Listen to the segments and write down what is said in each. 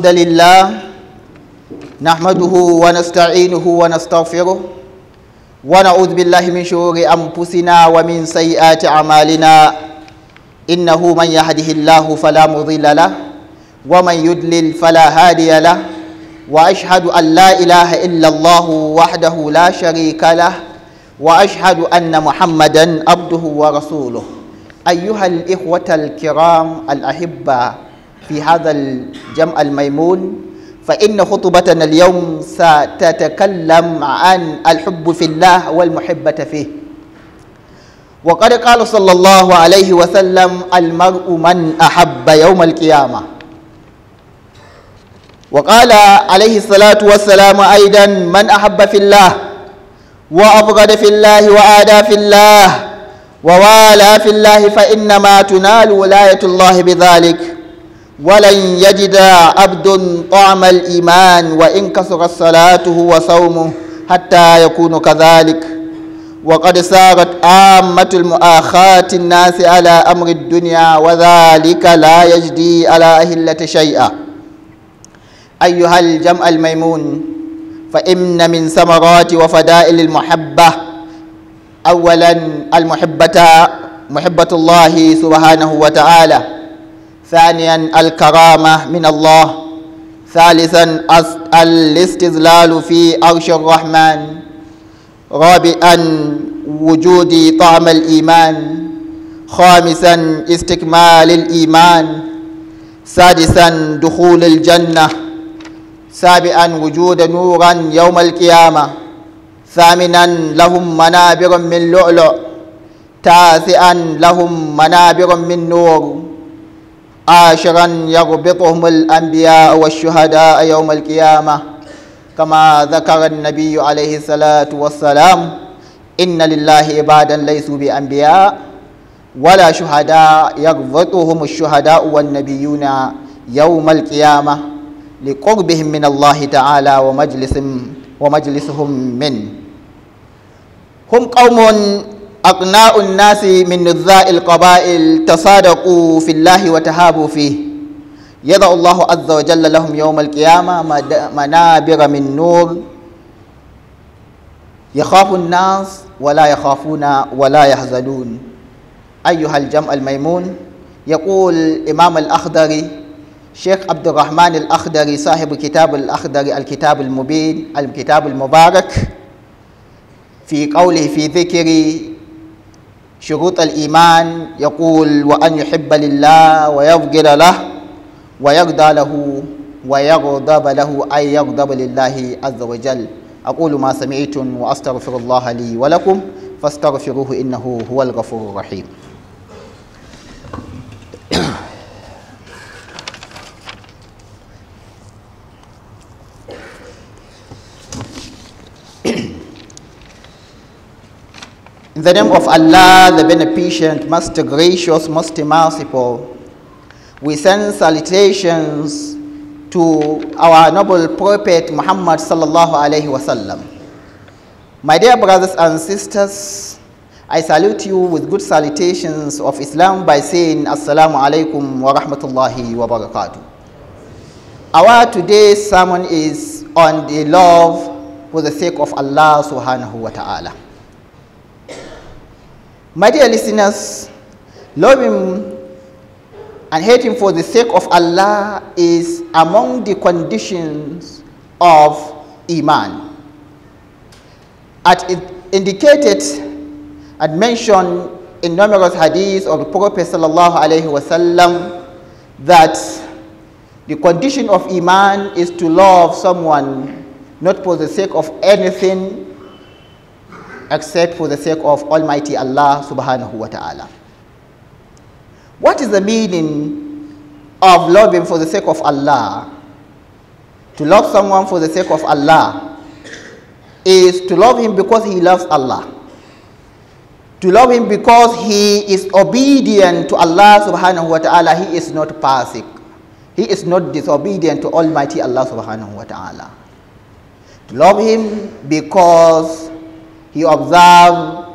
الحمد لله نحمده ونستعينه ونستغفره ونعوذ بالله من شرور أنفسنا ومن سيئات أعمالنا إنه من يهده الله فلا مضل له ومن يدلل فلا هادي له وأشهد أن لا إله إلا الله وحده لا شريك له وأشهد أن محمدا عبده ورسوله أيها الإخوة الكرام الأحبة في هذا الجمع الميمون فإن خطبتنا اليوم ستتكلم عن الحب في الله والمحبة فيه وقد قال صلى الله عليه وسلم المرء من أحب يوم القيامة وقال عليه الصلاة والسلام أيضا من أحب في الله وأبغض في الله وآدى في الله ووالى في الله فإنما تنال ولاية الله بذلك ولن يجد عبد طعم الإيمان وإن كثرت صلاته وصومه حتى يكون كذلك وقد سارت عامة المؤاخاة الناس على أمر الدنيا وذلك لا يجدي على أهلة شيئا أيها الجمع الميمون فإن من ثمرات وفدائل المحبة أولا المحبة محبة الله سبحانه وتعالى ثانيا الكرامة من الله ثالثا الاستذلال في عرش الرحمن رابعا وجود طعم الإيمان خامسا استكمال الإيمان سادسا دخول الجنة سابعا وجود نورا يوم القيامة ثامنا لهم منابر من لؤلؤ تاسعا لهم منابر من نور عاشرا يربطهم الأنبياء والشهداء يوم القيامة كما ذكر النبي عليه الصلاة والسلام إن لله عبادا ليسوا بأنبياء ولا شهداء يربطهم الشهداء والنبيون يوم القيامة لقربهم من الله تعالى ومجلسهم ومجلسهم منه هم قوم أقناء الناس من نذاء القبائل تصادقوا في الله وتهابوا فيه يضع الله عز وجل لهم يوم القيامة منابر من نور يخاف الناس ولا يخافون ولا يحزنون أيها الجمع الميمون يقول الإمام الأخضري شيخ عبد الرحمن الأخضري صاحب كتاب الأخضري الكتاب المبين الكتاب المبارك في قوله في ذكر شروط الإيمان يقول وأن يحب لله ويغفر له ويرضى له ويغضب له أي يغضب لله عز وجل أقول ما سمعتم وأستغفر الله لي ولكم فاستغفروه إنه هو الغفور الرحيم In the name of Allah, the Beneficent, Most Gracious, Most Merciful, we send salutations to our noble Prophet Muhammad sallallahu alaihi wasallam. My dear brothers and sisters, I salute you with good salutations of Islam by saying Assalamu alaikum wa rahmatullahi wa barakatuh. Our today's sermon is on the love for the sake of Allah subhanahu wa ta'ala. My dear listeners, love Him and hate Him for the sake of Allah is among the conditions of Iman. At it indicated and mentioned in numerous hadiths of the Prophet sallallahu alaihi wasallam that the condition of Iman is to love someone not for the sake of anything except for the sake of Almighty Allah subhanahu wa ta'ala. What is the meaning of loving for the sake of Allah? To love someone for the sake of Allah is to love him because he loves Allah. To love him because he is obedient to Allah subhanahu wa ta'ala, he is not passive. He is not disobedient to Almighty Allah subhanahu wa ta'ala. To love him because he observed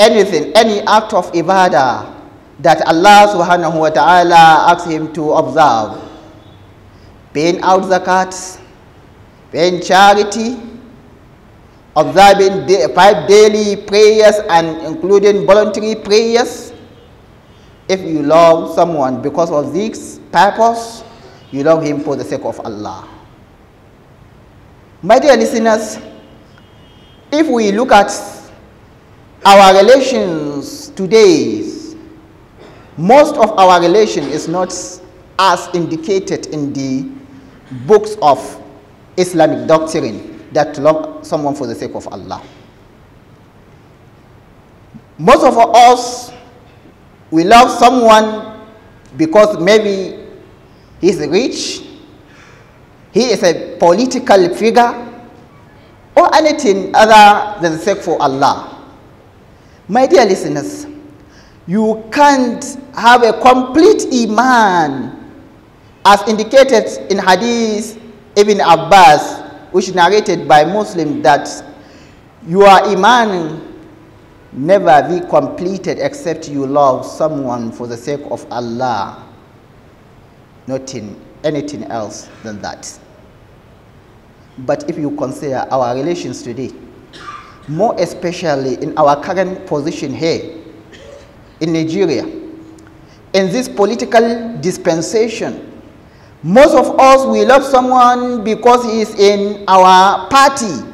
anything, any act of ibadah that Allah subhanahu wa ta'ala asks him to observe. Paying out zakat, paying charity, observing five daily prayers and including voluntary prayers. If you love someone because of this purpose, you love him for the sake of Allah. My dear listeners, if we look at our relations today, most of our relation is not as indicated in the books of Islamic doctrine that love someone for the sake of Allah. Most of us, we love someone because maybe he's rich, he is a political figure, or anything other than sake for Allah. My dear listeners, you can't have a complete Iman as indicated in Hadith Ibn Abbas, which narrated by Muslim that your Iman never be completed except you love someone for the sake of Allah. Nothing, anything else than that. But if you consider our relations today, more especially in our current position here in Nigeria, in this political dispensation, most of us, we love someone because he is in our party.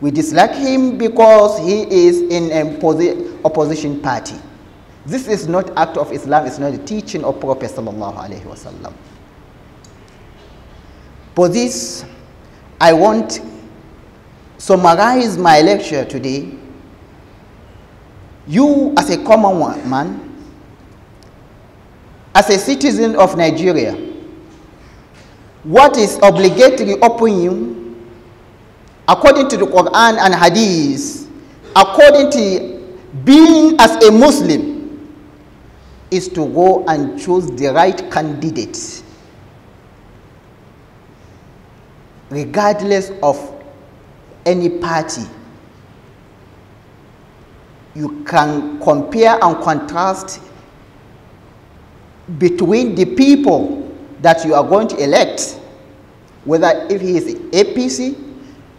We dislike him because he is in an opposition party. This is not act of Islam, it's not the teaching of Prophet sallallahu alayhi wasallam. For this, I want summarize my lecture today. You, as a common man, as a citizen of Nigeria, what is obligatory upon you, according to the Quran and Hadith, according to being as a Muslim, is to go and choose the right candidate regardless of any party, you can compare and contrast between the people that you are going to elect, whether if he is APC,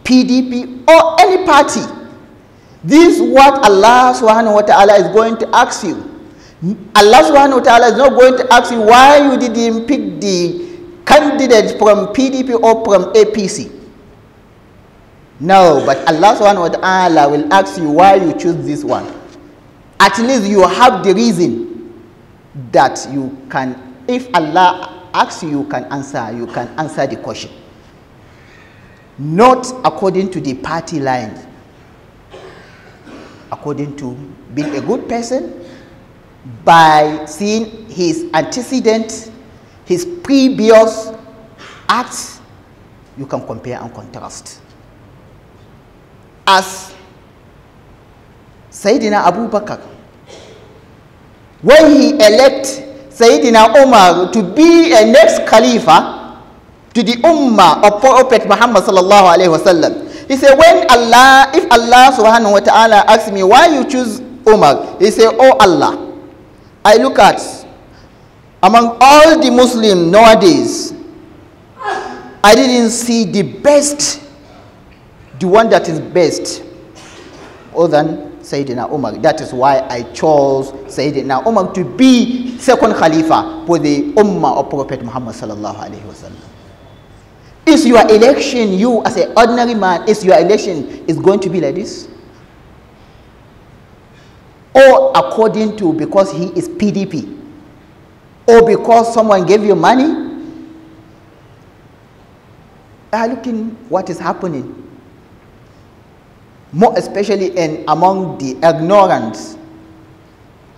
PDP, or any party. This is what Allah subhanahu wa ta'ala is going to ask you. Allah subhanahu wa ta'ala is not going to ask you why you didn't pick the candidate from PDP or from APC. No, but Allah subhanahu wa ta'ala will ask you why you choose this one. At least you have the reason that you can, if Allah asks you, you can answer, you can answer the question. Not according to the party line, according to being a good person, by seeing his antecedent his previous acts, you can compare and contrast. As Sayyidina Abu Bakr, when he elect Sayyidina Umar to be a next Khalifa to the Ummah of Prophet Muhammad sallallahu alaihi wasallam, he said, when Allah, if Allah subhanahu wa ta'ala asks me why you choose Umar, he said, oh Allah, I look at among all the Muslims nowadays, I didn't see the best, the one that is best, other than Sayyidina Umar. That is why I chose Sayyidina Umar to be second Khalifa for the Ummah of Prophet Muhammad sallallahu alaihi wasallam. Is your election, you as an ordinary man, is your election is going to be like this? Or according to because he is PDP, or because someone gave you money, are ah, looking what is happening. More especially in among the ignorant,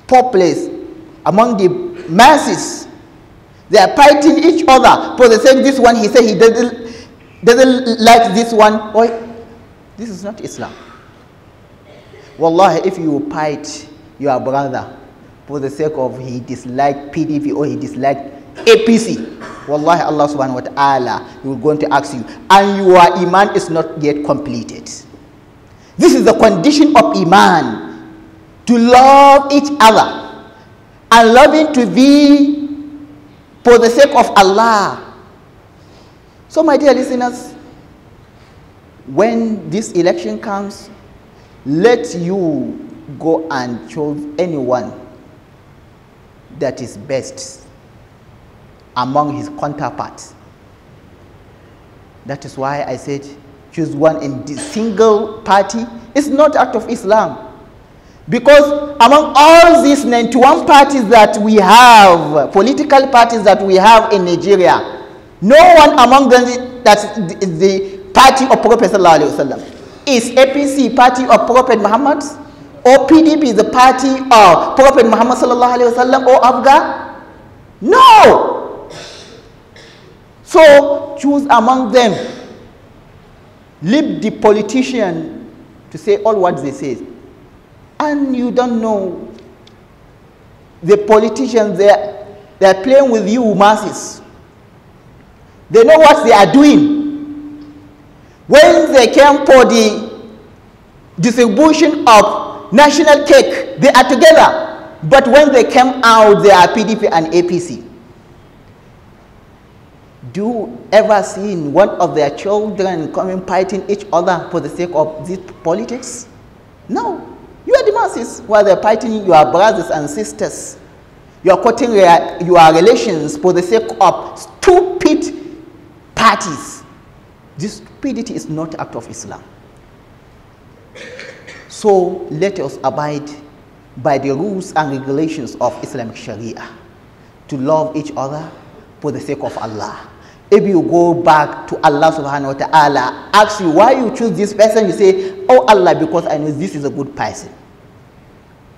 populace, among the masses. They are fighting each other for the same. This one, he said he doesn't, doesn't like this one. Oh, this is not Islam. Wallahi, if you fight your brother, for the sake of he disliked PDP or he disliked APC. Wallahi, Allah subhanahu wa ta'ala will going to ask you, and your iman is not yet completed. This is the condition of iman, to love each other, and loving to be for the sake of Allah. So my dear listeners, when this election comes, let you go and choose anyone that is best among his counterparts. That is why I said choose one in the single party. It's not act of Islam. Because among all these 91 parties that we have, political parties that we have in Nigeria, no one among them that's the, party of Prophet is APC, party of Prophet Muhammad or PDP, the party of Prophet Muhammad sallallahu alaihi wasallam or Afghan? No. So choose among them. Leave the politician to say all what they say. And you don't know the politicians, they're, they're playing with you masses. They know what they are doing. When they came for the distribution of national cake. They are together. But when they came out, they are PDP and APC. Do you ever seen one of their children coming fighting each other for the sake of this politics? No. You are the masses who they're fighting your brothers and sisters. You are cutting your relations for the sake of stupid parties. This stupidity is not act of Islam. So let us abide by the rules and regulations of Islamic Sharia to love each other for the sake of Allah. If you go back to Allah subhanahu wa ta'ala, ask you why you choose this person, you say, Oh Allah, because I know this is a good person.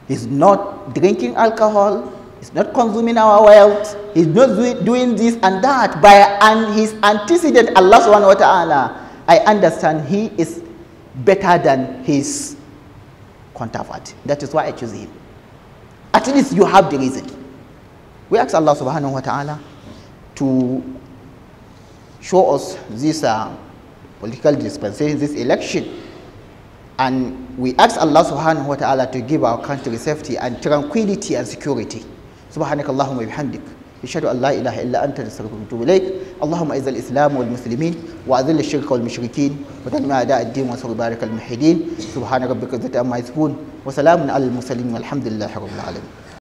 He's not drinking alcohol, he's not consuming our wealth, he's not doing this and that. By and his antecedent, Allah subhanahu wa ta'ala, I understand he is better than his counterfeit. That is why I choose him. At least you have the reason. We ask Allah subhanahu wa ta'ala to show us this uh, political dispensation, this election. And we ask Allah subhanahu wa ta'ala to give our country safety and tranquility and security. Subhanakallahumma bihamdik. اشهد ان لا اله الا انت نستغفرك ونتوب اليك اللهم اعز الاسلام والمسلمين واذل الشرك والمشركين ودمر اعداء الدين وانصر بارك الموحدين سبحان ربك عزة عما يصفون وسلام على المرسلين والحمد لله رب العالمين